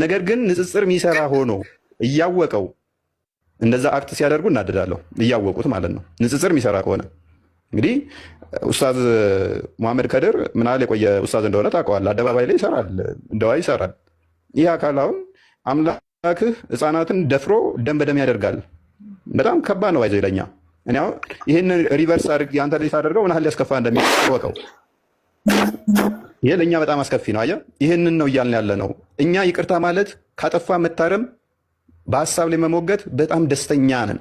ነገር ግን ንጽጽር የሚሰራ ሆኖ እያወቀው እንደዛ አክት ሲያደርጉ እናደዳለሁ። እያወቁት ማለት ነው። ንጽጽር የሚሰራ ከሆነ እንግዲህ ኡስታዝ ሙሐመድ ከድር ምናል የቆየ ኡስታዝ እንደሆነ ታውቀዋል። አደባባይ ላይ ይሰራል፣ እንደዋ ይሰራል። ይህ አካል አሁን አምላክህ ህፃናትን ደፍሮ ደም በደም ያደርጋል። በጣም ከባድ ነው። አይዞህ ይለኛ እኔ አሁን ይህንን ሪቨርስ ያንተ ላይ ሳደርገው ምናህል ሊያስከፋ እንደሚወቀው ይሄ ለእኛ በጣም አስከፊ ነው። አየህ ይህንን ነው እያልን ያለ ነው። እኛ ይቅርታ ማለት ካጠፋ መታረም፣ በሀሳብ ላይ መሞገት በጣም ደስተኛ ነን።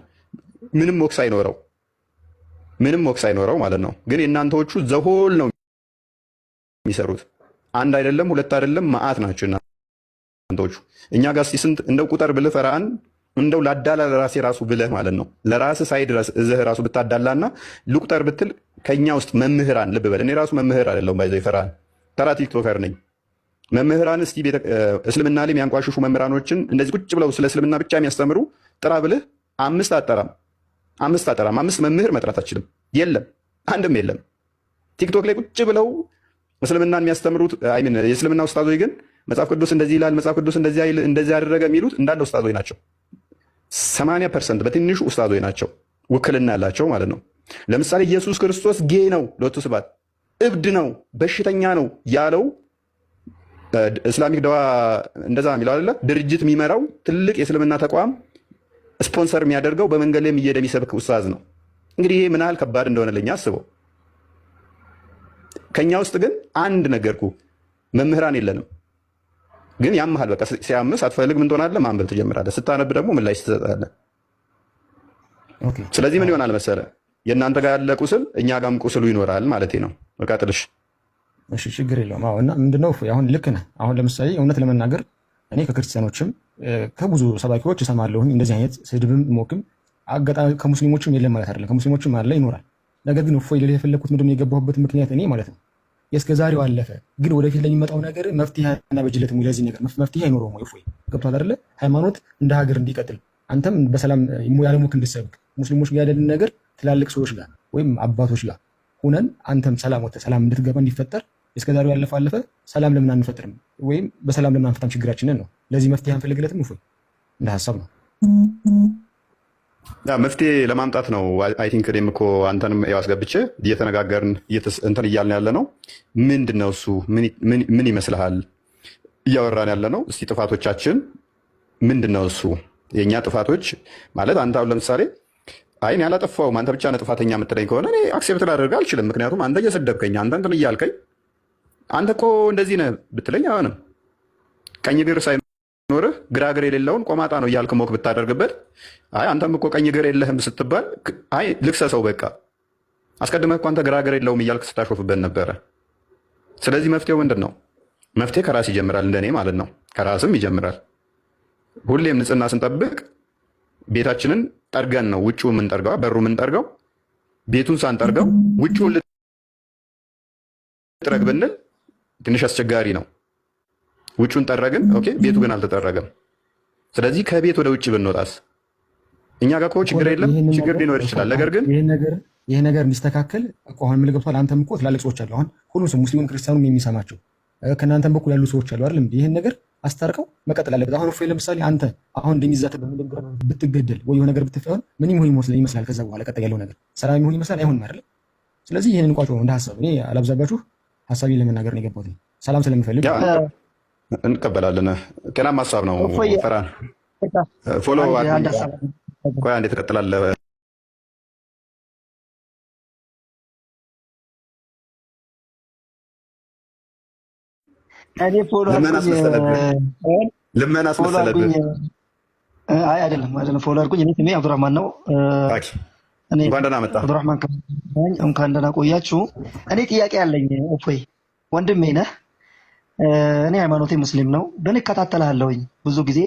ምንም ሞክስ አይኖረው ምንም ሞክስ አይኖረው ማለት ነው። ግን የእናንተዎቹ ዘሆል ነው የሚሰሩት። አንድ አይደለም ሁለት አይደለም ማአት ናቸው እናንተዎቹ። እኛ ጋር ስንት እንደው ቁጠር ብልህ ፈራአን እንደው ላዳላ ለራሴ ራሱ ብለህ ማለት ነው ለራስህ ሳይድ እዚህ ራሱ ብታዳላና ልቁጠር ብትል ከኛ ውስጥ መምህራን ልብ በል እኔ ራሱ መምህር አይደለሁም ይዘ ፈርአን ተራ ቲክቶከር ነኝ። መምህራን እስቲ እስልምና ላይ የሚያንቋሽሹ መምህራኖችን እንደዚህ ቁጭ ብለው ስለ እስልምና ብቻ የሚያስተምሩ ጥራ ብልህ አምስት አጠራም አምስት አጠራም አምስት መምህር መጥራት አችልም። የለም አንድም የለም። ቲክቶክ ላይ ቁጭ ብለው እስልምናን የሚያስተምሩት የእስልምና ውስጣዞች ግን መጽሐፍ ቅዱስ እንደዚህ ይላል፣ መጽሐፍ ቅዱስ እንደዚህ ያደረገ የሚሉት እንዳለ ውስጣዞች ናቸው። 80 ፐርሰንት በትንሹ ውስጣዞች ናቸው፣ ውክልና ያላቸው ማለት ነው። ለምሳሌ ኢየሱስ ክርስቶስ ጌ ነው ሎቱ ስባት እብድ ነው፣ በሽተኛ ነው ያለው እስላሚክ ደዋ እንደዛ የሚለው አለ ድርጅት የሚመራው ትልቅ የእስልምና ተቋም ስፖንሰር የሚያደርገው በመንገድ ላይ የሚየደ የሚሰብክ ውሳዝ ነው። እንግዲህ ይሄ ምን ያህል ከባድ እንደሆነ ለኛ አስበው። ከኛ ውስጥ ግን አንድ ነገርኩ መምህራን የለንም። ግን ያምሃል በቃ ሲያምስ አትፈልግ ምን ማንበብ ትጀምራለ ስታነብ ደግሞ ምላሽ ትሰጣለህ። ስለዚህ ምን ይሆናል መሰለህ የእናንተ ጋር ያለ ቁስል እኛ ጋም ቁስሉ ይኖራል ማለት ነው። በቃ ችግር የለውም። እና ምንድነው አሁን ልክ ነህ። አሁን ለምሳሌ እውነት ለመናገር እኔ ከክርስቲያኖችም ከብዙ ሰባኪዎች እሰማለሁኝ እንደዚህ አይነት ስድብም ሞክም አጋጣሚ ከሙስሊሞችም የለም ማለት አይደለም። ከሙስሊሞችም አለ ይኖራል። ነገር ግን እፎይ ልል የፈለግኩት ምንድነው የገባሁበት ምክንያት እኔ ማለት ነው የእስከ ዛሬው አለፈ፣ ግን ወደፊት ለሚመጣው ነገር መፍትሄ አናበጅለትም። ለዚህ ነገር መፍትሄ አይኖረውም። እፎይ ገብቷል አይደለ? ሃይማኖት እንደ ሀገር እንዲቀጥል አንተም በሰላም ያለሞክ እንድሰብክ ሙስሊሞች ጋር ያለን ነገር ትላልቅ ሰዎች ጋር ወይም አባቶች ጋር ሁነን አንተም ሰላም ወተ ሰላም እንድትገባ እንዲፈጠር እስከዛሬው ያለፈ አለፈ። ሰላም ለምን አንፈጥርም? ወይም በሰላም ለምን አንፈታም ችግራችንን ነው። ለዚህ መፍትሄ አንፈልግለትም? እፎይ እንደ ሀሳብ ነው መፍትሄ ለማምጣት ነው። አይ ቲንክ እኔም እኮ አንተንም ያው አስገብቼ እየተነጋገርን እንትን እያልን ያለ ነው። ምንድን ነው እሱ? ምን ይመስልሃል? እያወራን ያለ ነው። እስቲ ጥፋቶቻችን ምንድን ነው እሱ? የእኛ ጥፋቶች ማለት አንተ አሁን ለምሳሌ አይ እኔ አላጠፋሁም አንተ ብቻ ነህ ጥፋተኛ የምትለኝ ከሆነ እኔ አክሴፕት ላደርግ አልችልም። ምክንያቱም አንተ እየሰደብከኝ፣ አንተ እንትን እያልከኝ፣ አንተ እኮ እንደዚህ ነህ ብትለኝ አሁንም ቀኝ እግር ሳይኖርህ ግራ እግር የሌለውን ቆማጣ ነው እያልክ ሞክ ብታደርግበት፣ አይ አንተም እኮ ቀኝ እግር የለህም ስትባል፣ አይ ልክሰሰው በቃ አስቀድመህ እኮ አንተ ግራ እግር የለውም እያልክ ስታሾፍበት ነበረ። ስለዚህ መፍትሄው ምንድን ነው? መፍትሄ ከራስ ይጀምራል፣ እንደኔ ማለት ነው። ከራስም ይጀምራል። ሁሌም ንጽህና ስንጠብቅ ቤታችንን ጠርገን ነው ውጭ የምንጠርገው፣ በሩ የምንጠርገው። ቤቱን ሳንጠርገው ውጭውን ልጥረግ ብንል ትንሽ አስቸጋሪ ነው። ውጩን ጠረግን፣ ኦኬ፣ ቤቱ ግን አልተጠረገም። ስለዚህ ከቤት ወደ ውጭ ብንወጣስ? እኛ ጋር እኮ ችግር የለም፣ ችግር ሊኖር ይችላል። ነገር ግን ይህ ነገር እንዲስተካከል እኮ አሁን ምን ገብቷል? አንተም እኮ ትላልቅ ሰዎች አሉ። አሁን ሁሉ ሰው ሙስሊሙም ክርስቲያኑም የሚሰማቸው ከእናንተም በኩል ያሉ ሰዎች አሉ አይደለም? ይህን ነገር አስታርቀው መቀጠል አለበት። አሁን እፎይ ለምሳሌ አንተ አሁን እንደሚዛት በመደብር ብትገደል ወይ ነገር ብትፈሆን ምን ይሁን ይመስላል? ከዛ በኋላ ቀጠል ያለው ነገር ሰላም ይሁን ይመስላል? አይሆንም አይደል? ስለዚህ ይህንን ቋጭ ነው እንደ ሀሳብ። እኔ አላብዛባችሁ፣ ሀሳቤን ለመናገር ነው የገባሁት። ሰላም ስለምፈልግ እንቀበላለን። ጤናማ ሀሳብ ነው። ፈራን ፎሎ አንዴ ትቀጥላለህ ልመና አስመሰለብህ? አይ አይደለም፣ አይደለም። ፎሎ እኔ ስሜ አብዱራህማን ነው። እንኳን ደህና መጣህ አብዱራህማን። እንኳን ደህና ቆያችሁ። እኔ ጥያቄ አለኝ። እፎይ ወንድሜ ነህ። እኔ ሃይማኖቴ ሙስሊም ነው፣ ግን እከታተልሃለሁኝ ብዙ ጊዜ።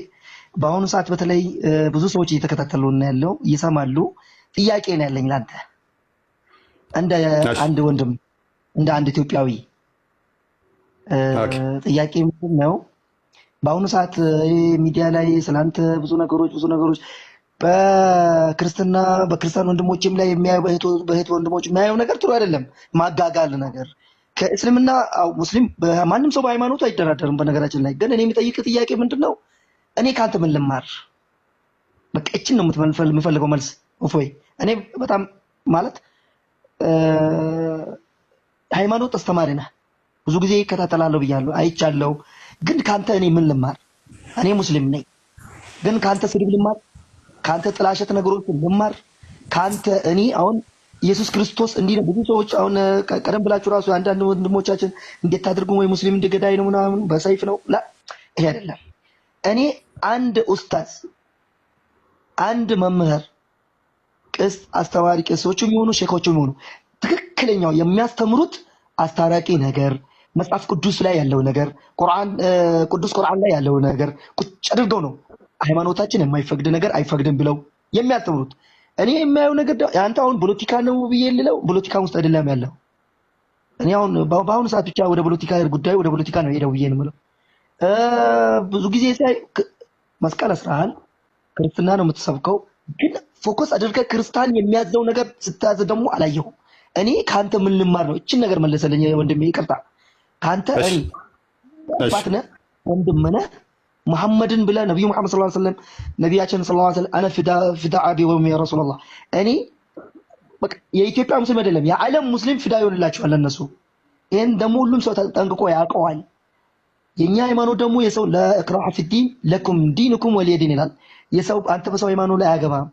በአሁኑ ሰዓት በተለይ ብዙ ሰዎች እየተከታተሉ ያለው ይሰማሉ። ጥያቄ ነው ያለኝ ለአንተ እንደ አንድ ወንድም፣ እንደ አንድ ኢትዮጵያዊ ጥያቄ ምንድን ነው? በአሁኑ ሰዓት ሚዲያ ላይ ስለአንተ ብዙ ነገሮች ብዙ ነገሮች በክርስትና በክርስቲያን ወንድሞችም ላይ በእህት ወንድሞች የሚያየው ነገር ጥሩ አይደለም። ማጋጋል ነገር ከእስልምና ሙስሊም ማንም ሰው በሃይማኖቱ አይደራደርም። በነገራችን ላይ ግን እኔ የሚጠይቅ ጥያቄ ምንድን ነው? እኔ ከአንተ ምን ልማር? በቃ እችን ነው የምፈልገው መልስ። እፎይ እኔ በጣም ማለት ሃይማኖት አስተማሪ ነህ ብዙ ጊዜ ይከታተላለሁ ብያለሁ፣ አይቻለሁ። ግን ከአንተ እኔ ምን ልማር? እኔ ሙስሊም ነኝ። ግን ከአንተ ስድብ ልማር? ከአንተ ጥላሸት ነገሮች ልማር? ከአንተ እኔ አሁን ኢየሱስ ክርስቶስ እንዲህ ነው። ብዙ ሰዎች አሁን ቀደም ብላችሁ ራሱ አንዳንድ ወንድሞቻችን እንዴት ታድርጉ ወይ ሙስሊም እንደገዳይ ነው ምናምን በሰይፍ ነው ላ ይሄ አይደለም። እኔ አንድ ኡስታዝ፣ አንድ መምህር፣ ቅስ አስተማሪ ቄሶቹም የሆኑ ሼኮቹም የሆኑ ትክክለኛው የሚያስተምሩት አስታራቂ ነገር መጽሐፍ ቅዱስ ላይ ያለው ነገር ቅዱስ ቁርአን ላይ ያለው ነገር ቁጭ አድርገው ነው ሃይማኖታችን የማይፈቅድ ነገር አይፈቅድም ብለው የሚያስተምሩት። እኔ የማየው ነገር አንተ አሁን ፖለቲካ ነው ብዬ ልለው ፖለቲካ ውስጥ አይደለም ያለው። እኔ አሁን በአሁኑ ሰዓት ብቻ ወደ ፖለቲካ ጉዳዩ ወደ ፖለቲካ ነው ሄደው ብዬ የምለው። ብዙ ጊዜ ሳይ መስቀል አስራሃል፣ ክርስትና ነው የምትሰብከው፣ ግን ፎከስ አድርገህ ክርስታን የሚያዘው ነገር ስታያዝ ደግሞ አላየሁም። እኔ ከአንተ ምን ልማር ነው? እችን ነገር መለሰልኝ ወንድሜ፣ ይቅርታ አንተ እሪ አባት ነህ ወንድም ነህ። መሐመድን ብለህ ነቢዩ መሐመድ ስ ዐለይሂ ነቢያችን አነ ፍዳ ቢወም ያ ረሱላህ እኔ የኢትዮጵያ ሙስሊም አይደለም የዓለም ሙስሊም ፍዳ ይሆንላቸዋል ለነሱ። ይህን ደግሞ ሁሉም ሰው ጠንቅቆ ያውቀዋል። የእኛ ሃይማኖት ደግሞ የሰው ለእክራህ ፊዲን ለኩም ዲንኩም ወሊየዲን ይላል። የሰው አንተ በሰው ሃይማኖት ላይ አያገባም።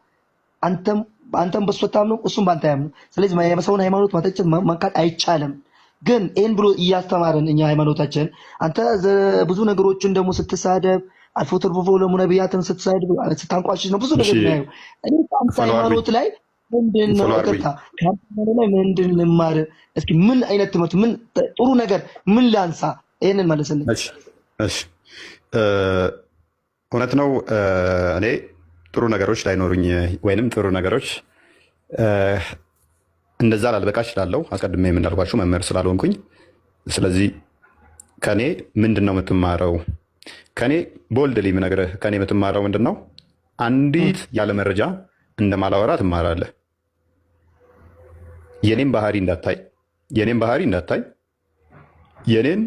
አንተም በሱ አታምነው፣ እሱም በአንተ አያምነው። ስለዚህ የሰውን ሃይማኖት መተቸት መንካት አይቻልም። ግን ይህን ብሎ እያስተማረን እኛ ሃይማኖታችን አንተ ብዙ ነገሮችን ደግሞ ስትሳደብ አልፎ ተርፎ ለሙ ነቢያትን ስትሳደብ ስታንቋሽሽ ነው ብዙ ነገር ናየው። እኔ ከአንተ ሃይማኖት ላይ ምንድን ነው ቀጥታ ላይ ምንድን ልማር እስኪ ምን አይነት ትምህርት ምን ጥሩ ነገር ምን ላንሳ? ይህንን መለስልኝ። እውነት ነው እኔ ጥሩ ነገሮች ላይኖሩኝ ወይንም ጥሩ ነገሮች እንደዛ ላልበቃ እችላለሁ። አስቀድሜ የምንዳልኳቸው መምህር ስላልሆንኩኝ። ስለዚህ ከኔ ምንድን ነው የምትማረው? ከኔ ቦልድሊ የምነግርህ ከኔ የምትማረው ምንድን ነው? አንዲት ያለ መረጃ እንደማላወራ ትማራለህ። የኔን ባህሪ እንዳታይ የኔን ባህሪ እንዳታይ የኔን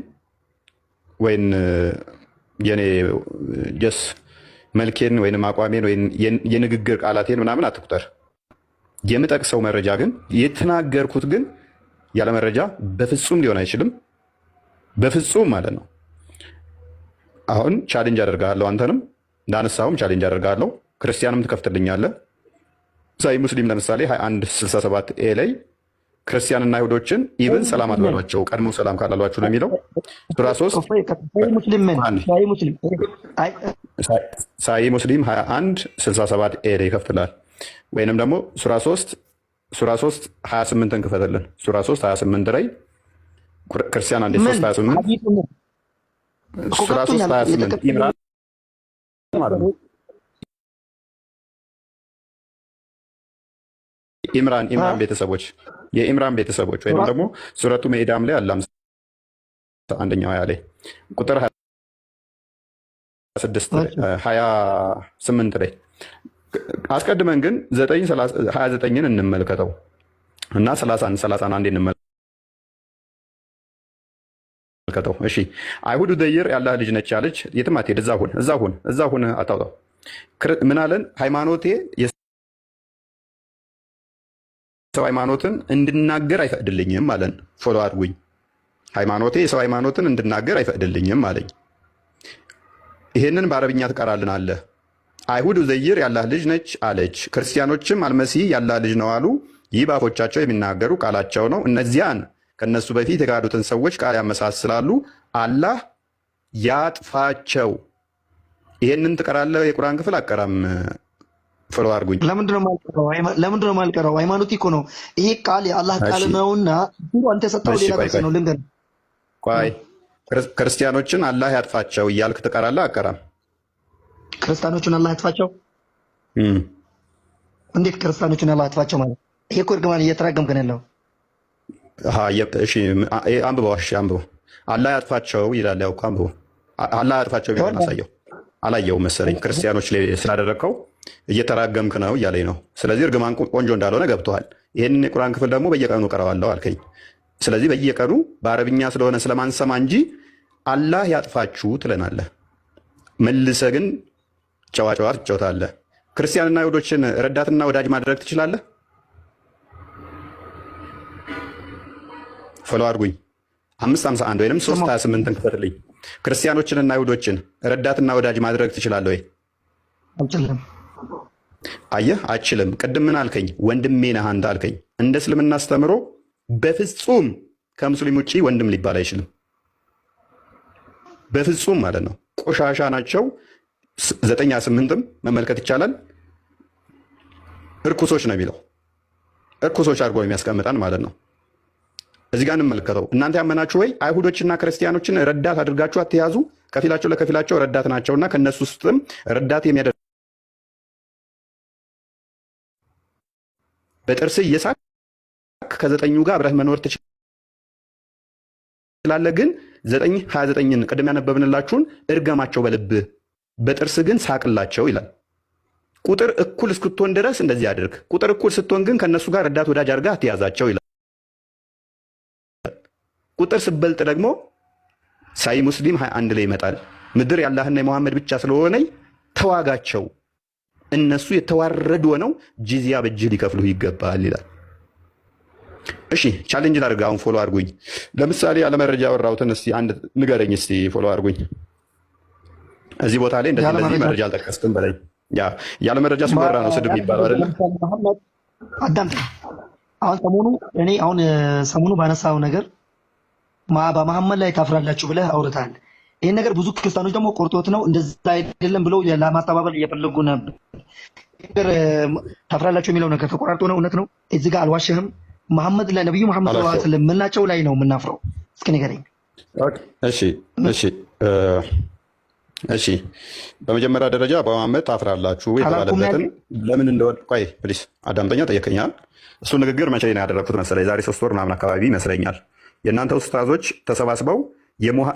ወይን የኔ ጀስ መልኬን ወይም አቋሜን ወይም የንግግር ቃላቴን ምናምን አትቁጠር። የምጠቅሰው መረጃ ግን የተናገርኩት ግን ያለ መረጃ በፍጹም ሊሆን አይችልም። በፍጹም ማለት ነው። አሁን ቻሌንጅ አደርጋለሁ። አንተንም እንዳነሳሁም ቻሌንጅ አደርጋለሁ። ክርስቲያንም ትከፍትልኛለህ። ሳይ ሙስሊም ለምሳሌ 67 ኤ ላይ ክርስቲያንና አይሁዶችን ኢብን ሰላም አትበሏቸው ቀድሞ ሰላም ካላሏችሁ ነው የሚለው። ሱራ ሶስት ሳይ ሙስሊም 67 ኤ ላይ ይከፍትላል። ወይንም ደግሞ ሱራ 3 ሱራ 3 28ን ሱራ 3 28 ላይ ክርስቲያን አንዴ 3 28 ሱራ 3 28 ኢምራን ማለት ነው። ኢምራን ኢምራን ቤተሰቦች የኢምራን ቤተሰቦች ወይም ደግሞ ሱረቱ መኢዳም ላይ አላም አንደኛው ያለ ቁጥር 26 28 ላይ አስቀድመን ግን 29ን እንመልከተው እና 30 31 እንመልከተው። እሺ አይሁድ ደይር ያላህ ልጅ ነች ያለች የትም አትሄድ፣ እዛ ሁን፣ እዛ ሁን፣ እዛ ሁን አታውጣው። ምን አለን? ሃይማኖቴ የሰው ሃይማኖትን እንድናገር አይፈቅድልኝም አለን። ፎሎ አድርጉኝ። ሃይማኖቴ የሰው ሃይማኖትን እንድናገር አይፈቅድልኝም አለኝ። ይሄንን በአረብኛ ትቀራልን አለ አይሁድ ዘይር ያላህ ልጅ ነች አለች። ክርስቲያኖችም አልመሲህ ያላህ ልጅ ነው አሉ። ይህ በአፎቻቸው የሚናገሩ ቃላቸው ነው። እነዚያን ከእነሱ በፊት የካዱትን ሰዎች ቃል ያመሳስላሉ። አላህ ያጥፋቸው። ይሄንን ትቀራለህ? የቁርአን ክፍል አቀራም ፍሎ አድርጉኝ። ለምንድን ነው ማልቀረው? ሃይማኖት እኮ ነው። ይሄ ቃል የአላህ ቃል ነውና አንተ የሰጠው ሌላ ቃል ነው። ልንገርህ፣ ቆይ ክርስቲያኖችን አላህ ያጥፋቸው እያልክ ትቀራለህ? አቀራም ክርስቲያኖቹን አላህ ያጥፋቸው። እንዴት ክርስቲያኖቹን አላህ ያጥፋቸው ማለት ይሄ እኮ እርግማን እየተራገምክ ነው ያለው። አንብበው፣ እሺ አንብበው። አላህ ያጥፋቸው ይላል። ያው አንብበው። አላህ ያጥፋቸው ቢሆን አሳየው። አላየው መሰለኝ። ክርስቲያኖች ላይ ስላደረግከው እየተራገምክ ነው እያለኝ ነው። ስለዚህ እርግማን ቆንጆ እንዳልሆነ ገብቶሃል። ይህንን የቁርአን ክፍል ደግሞ በየቀኑ እቀረዋለሁ አልከኝ። ስለዚህ በየቀኑ በአረብኛ ስለሆነ ስለማንሰማ እንጂ አላህ ያጥፋችሁ ትለናለህ። መልሰ ግን ጨዋጨዋ ትጫወታለህ። ክርስቲያንና አይሁዶችን ረዳትና ወዳጅ ማድረግ ትችላለህ? ፎሎ አድርጉኝ። አምስት ሀምሳ አንድ ወይም ሶስት ሀያ ስምንትን ክፈትልኝ። ክርስቲያኖችንና አይሁዶችን ረዳትና ወዳጅ ማድረግ ትችላለህ ወይ? አልችልም። አየህ፣ አችልም። ቅድም ምን አልከኝ? ወንድሜ ነህ አንተ አልከኝ። እንደ እስልምና አስተምሮ በፍጹም ከሙስሊም ውጭ ወንድም ሊባል አይችልም። በፍጹም ማለት ነው። ቆሻሻ ናቸው። ዘጠኝ ስምንትም መመልከት ይቻላል። እርኩሶች ነው የሚለው እርኩሶች አድርጎ የሚያስቀምጠን ማለት ነው። እዚህ ጋር እንመልከተው። እናንተ ያመናችሁ ወይ አይሁዶችና ክርስቲያኖችን ረዳት አድርጋችሁ አትያዙ፣ ከፊላቸው ለከፊላቸው ረዳት ናቸውና ከእነሱ ውስጥም ረዳት የሚያደርግ በጥርስ እየሳቅ ከዘጠኙ ጋር አብረህ መኖር ትችላለህ። ግን ዘጠኝ ሀያ ዘጠኝን ቅድም ያነበብንላችሁን እርገማቸው በልብህ በጥርስ ግን ሳቅላቸው ይላል። ቁጥር እኩል እስክትሆን ድረስ እንደዚህ አድርግ። ቁጥር እኩል ስትሆን ግን ከእነሱ ጋር ረዳት ወዳጅ አድርጋ አትያዛቸው ይላል። ቁጥር ስበልጥ ደግሞ ሳይ ሙስሊም አንድ ላይ ይመጣል። ምድር የአላህና የመሐመድ ብቻ ስለሆነ ተዋጋቸው፣ እነሱ የተዋረዱ ሆነው ጂዚያ በእጅ ሊከፍሉ ይገባል ይላል። እሺ ቻሌንጅ ላድርግ። አሁን ፎሎ አድርጉኝ። ለምሳሌ አለመረጃ ወራውትን እስቲ አንድ ንገረኝ። እስቲ ፎሎ አድርጉኝ። እዚህ ቦታ ላይ እንደዚህ እንደዚህ መረጃ አልጠቀስክም በላይ ያ ያለ መረጃ ሲወራ ነው ስድብ የሚባለው አይደለም። አዳምጥ። አሁን ሰሞኑ እኔ አሁን ሰሞኑ ባነሳው ነገር በመሐመድ ላይ ታፍራላችሁ ብለህ አውርታል። ይህን ነገር ብዙ ክርስቲያኖች ደግሞ ቆርጦት ነው እንደዛ አይደለም ብለው ለማስተባበል እየፈለጉ ነበር። ነገር ታፍራላችሁ የሚለው ነገር ተቆራርጦ ነው። እውነት ነው። እዚህ ጋር አልዋሽህም። መሐመድ ላይ ነብዩ መሐመድ ሰለላሁ ዐለይሂ ወሰለም ምናቸው ላይ ነው የምናፍረው? እስኪ ንገረኝ። እሺ እሺ እሺ በመጀመሪያ ደረጃ በመሐመድ ታፍራላችሁ የተባለበትን ለምን እንደወድ ፕሊስ አዳምጠኛ ጠየቀኛል። እሱ ንግግር መቼ ነው ያደረግኩት መሰለኝ ዛሬ ሶስት ወር ምናምን አካባቢ ይመስለኛል። የእናንተ ኡስታዞች ተሰባስበው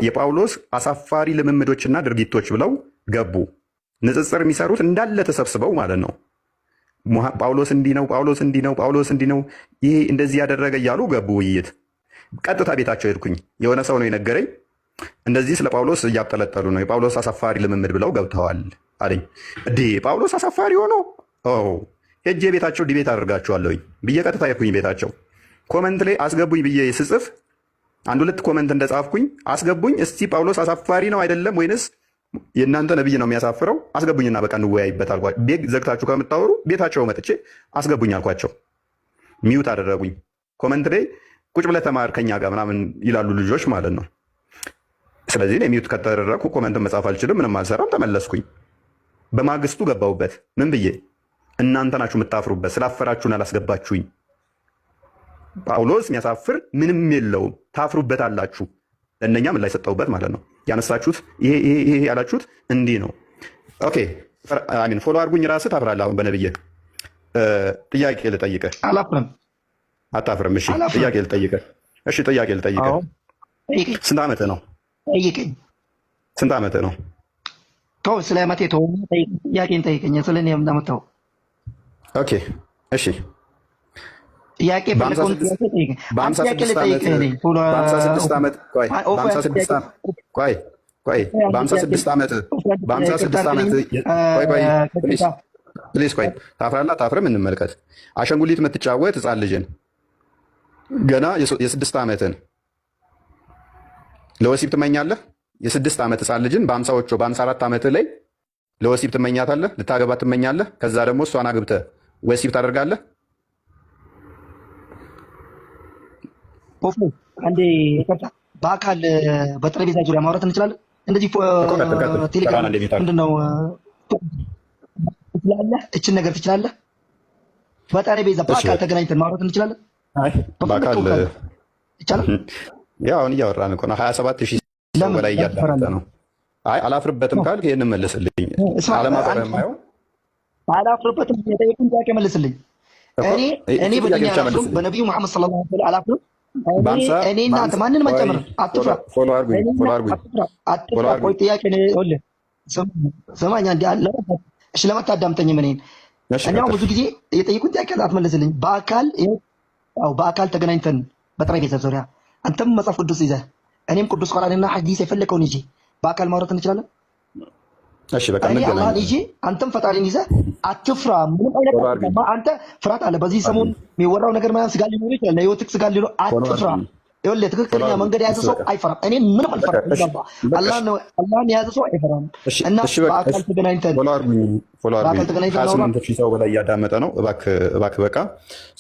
የጳውሎስ አሳፋሪ ልምምዶችና ድርጊቶች ብለው ገቡ። ንጽጽር የሚሰሩት እንዳለ ተሰብስበው ማለት ነው። ጳውሎስ እንዲህ ነው፣ ጳውሎስ እንዲህ ነው፣ ጳውሎስ እንዲህ ነው፣ ይሄ እንደዚህ ያደረገ እያሉ ገቡ ውይይት። ቀጥታ ቤታቸው ሄድኩኝ። የሆነ ሰው ነው የነገረኝ እንደዚህ ስለ ጳውሎስ እያብጠለጠሉ ነው። የጳውሎስ አሳፋሪ ልምምድ ብለው ገብተዋል አለኝ። እንዴ ጳውሎስ አሳፋሪ ሆኖ ሄጄ ቤታቸው ዲቤት አደርጋቸዋለሁኝ ብዬ ቀጥታ የኩኝ ቤታቸው ኮመንት ላይ አስገቡኝ ብዬ ስጽፍ አንድ ሁለት ኮመንት እንደጻፍኩኝ አስገቡኝ። እስቲ ጳውሎስ አሳፋሪ ነው አይደለም ወይንስ የእናንተ ነብይ ነው የሚያሳፍረው? አስገቡኝና በቃ እንወያይበት አልኳቸው። ቤት ዘግታችሁ ከምታወሩ ቤታቸው መጥቼ አስገቡኝ አልኳቸው። ሚዩት አደረጉኝ። ኮመንት ላይ ቁጭ ብለህ ተማር ከኛ ጋር ምናምን ይላሉ ልጆች ማለት ነው። ስለዚህ የሚዩት ከተደረግኩ ኮመንት ኮመንትን መጻፍ አልችልም፣ ምንም አልሰራም። ተመለስኩኝ። በማግስቱ ገባሁበት። ምን ብዬ እናንተ ናችሁ የምታፍሩበት፣ ስላፈራችሁን አላስገባችሁኝ። ጳውሎስ የሚያሳፍር ምንም የለውም፣ ታፍሩበት አላችሁ። ለእነኛ ምን ላይ ሰጠሁበት ማለት ነው። ያነሳችሁት ይሄ ያላችሁት እንዲህ ነው። ኦኬ አሚን። ፎሎ አድርጉኝ። ራስህ ታፍራለህ። አሁን በነብዬ ጥያቄ ልጠይቅህ። አላፍርም። አታፍርም? እሺ ጥያቄ ልጠይቅህ። እሺ ጥያቄ ልጠይቅህ። ስንት ዓመትህ ነው? ጠይቀኝ። ስንት ዓመት ነው? ተው ስለ ዓመቴ ተው፣ ጥያቄን ጠይቀኝ። ስለ እኔ እንደምታው ኦኬ፣ እሺ። ጠይቀኝ። ታፍራና እንመልከት። አሻንጉሊት የምትጫወት ህፃን ልጅን ገና የስድስት ዓመትን ለወሲብ ትመኛለህ? የስድስት ዓመት ሕፃን ልጅን በአምሳዎቹ በአምሳ አራት ዓመት ላይ ለወሲብ ትመኛታለህ? ልታገባ ትመኛለህ? ከዛ ደግሞ እሷን አግብተ ወሲብ ታደርጋለህ? በአካል በጠረጴዛ ዙሪያ ማውራት እንችላለን። እንደዚህ ቴሌግራም ትችላለህ? እችን ነገር ትችላለህ? በጠረጴዛ በአካል ተገናኝተን ማውራት እንችላለን። ይቻላል ያው አሁን እያወራን እኮ ነው። ሀያ ሰባት ሺህ ሰው በላይ እያዳመጠ ነው። አይ አላፍርበትም ካልክ ይህን መልስልኝ። አለማፈር የማየው አላፍርበትም የጠየቁን ጥያቄ መልስልኝ። እኔ በነቢዩ መሐመድ ስለ ላ አላፍርም። እኔ እናንተ ማንን መጨመር አትፍራ። ጥያቄ ስማኛ እንዲ አለ እሺ፣ ለመታዳምጠኝ ምን ብዙ ጊዜ የጠየቁን ጥያቄ አትመልስልኝ። በአካል በአካል ተገናኝተን በጠረጴዛ ዙሪያ አንተም መጽሐፍ ቅዱስ ይዘህ እኔም ቅዱስ ቁርአንና ሐዲስ የፈለከውን ይዤ በአካል ማውራት እንችላለን። እሺ በቃ እንገናኝ። ይዤ አንተም ፈጣሪን ይዘህ አትፍራ። ምንም አይነት አንተ ፍርሃት አለ። በዚህ ሰሞን የሚወራው ነገር ምናምን ስጋ ሊኖር ይችላል። ለህይወትህ ስጋ ሊኖር አትፍራ። ይኸውልህ ትክክለኛ መንገድ የያዘ ሰው አይፈራም። እኔ ምንም አልፈራም። አላህን የያዘ ሰው አይፈራም። እና በአካል ተገናኝተን ስምንት ሺህ ሰው በላይ እያዳመጠ ነው። እባክህ በቃ።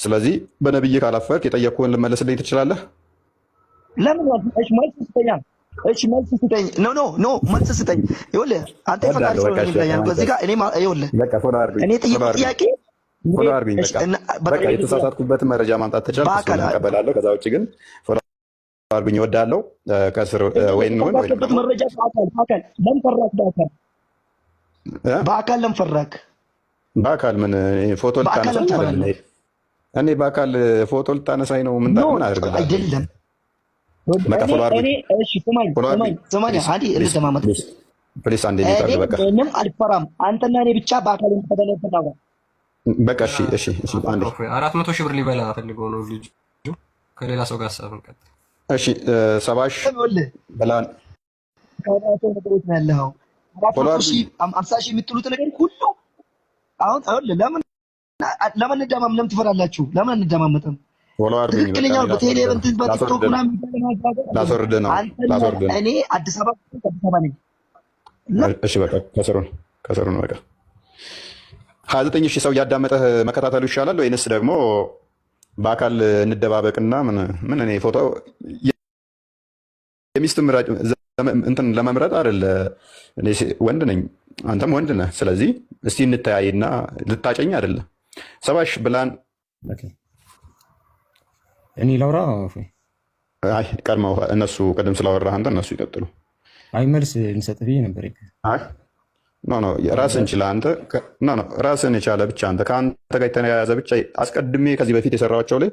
ስለዚህ በነብይ ካላፈርክ የጠየቅኩህን ልመለስልኝ ትችላለህ። ለምን መልስ እሺ፣ መልስ ስጠኝ። ኖ ኖ ኖ፣ መልስ ስጠኝ። ይኸውልህ አንተ በዚህ ጋር እኔ ይኸውልህ፣ እኔ ጥያቄ ፎሎ በቃ የተሳሳትኩበትን መረጃ ማምጣት ተቻለ እቀበላለሁ። ከዛ ውጭ ግን ፎሎ እወዳለሁ። ከስር ሆን መረጃ በአካል ለምን ፈራክ? በአካል በአካል ለምን ፈራክ? በአካል ምን ፎቶ እኔ በአካል ፎቶ ልታነሳኝ ነው? ምን አይደለም እኔም አልፈራም። አንተና እኔ ብቻ በአካል በቃ እሺ፣ እሺ፣ እሺ። አንዴ አራት መቶ ሺህ ብር ሊበላ ፈልጎ ነው ልጁ ከሌላ ሰው ጋር ሳብ እንቀጥ። እሺ፣ ሰባሽ በላን አምሳ ሺህ የምትሉት ነገር ሁሉ አሁን ለምን ለምን እንደማመም ለምን ትፈራላችሁ? ለምን እንደማመጠም ላስወርድ ነው። ነው። እኔ አዲስ አበባ አዲስ አበባ ነኝ። እሺ በቃ ከሰሩ ነው በቃ ሀያ ዘጠኝ ሺህ ሰው እያዳመጠ መከታተሉ ይሻላል ወይንስ ደግሞ በአካል እንደባበቅና ምን እኔ ፎቶ የሚስት ምራጭ እንትን ለመምረጥ አይደለ? ወንድ ነኝ፣ አንተም ወንድ ነህ። ስለዚህ እስቲ እንተያይና ልታጨኝ አይደለ? ሰባሽ ብላን እኔ ላውራ። አይ ቀድመው እነሱ ቅድም ስላወራህ አንተ እነሱ ይቀጥሉ። አይ መልስ እንሰጥ ብዬ ነበር። ራስን ችለ አንተ ራስን የቻለ ብቻ አንተ ከአንተ ጋር የተያያዘ ብቻ አስቀድሜ ከዚህ በፊት የሰራቸው ላይ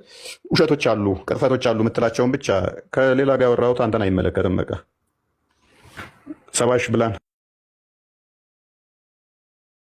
ውሸቶች አሉ፣ ቅጥፈቶች አሉ የምትላቸውን ብቻ ከሌላ ጋር ያወራሁት አንተን አይመለከትም። በቃ ሰባሽ ብላን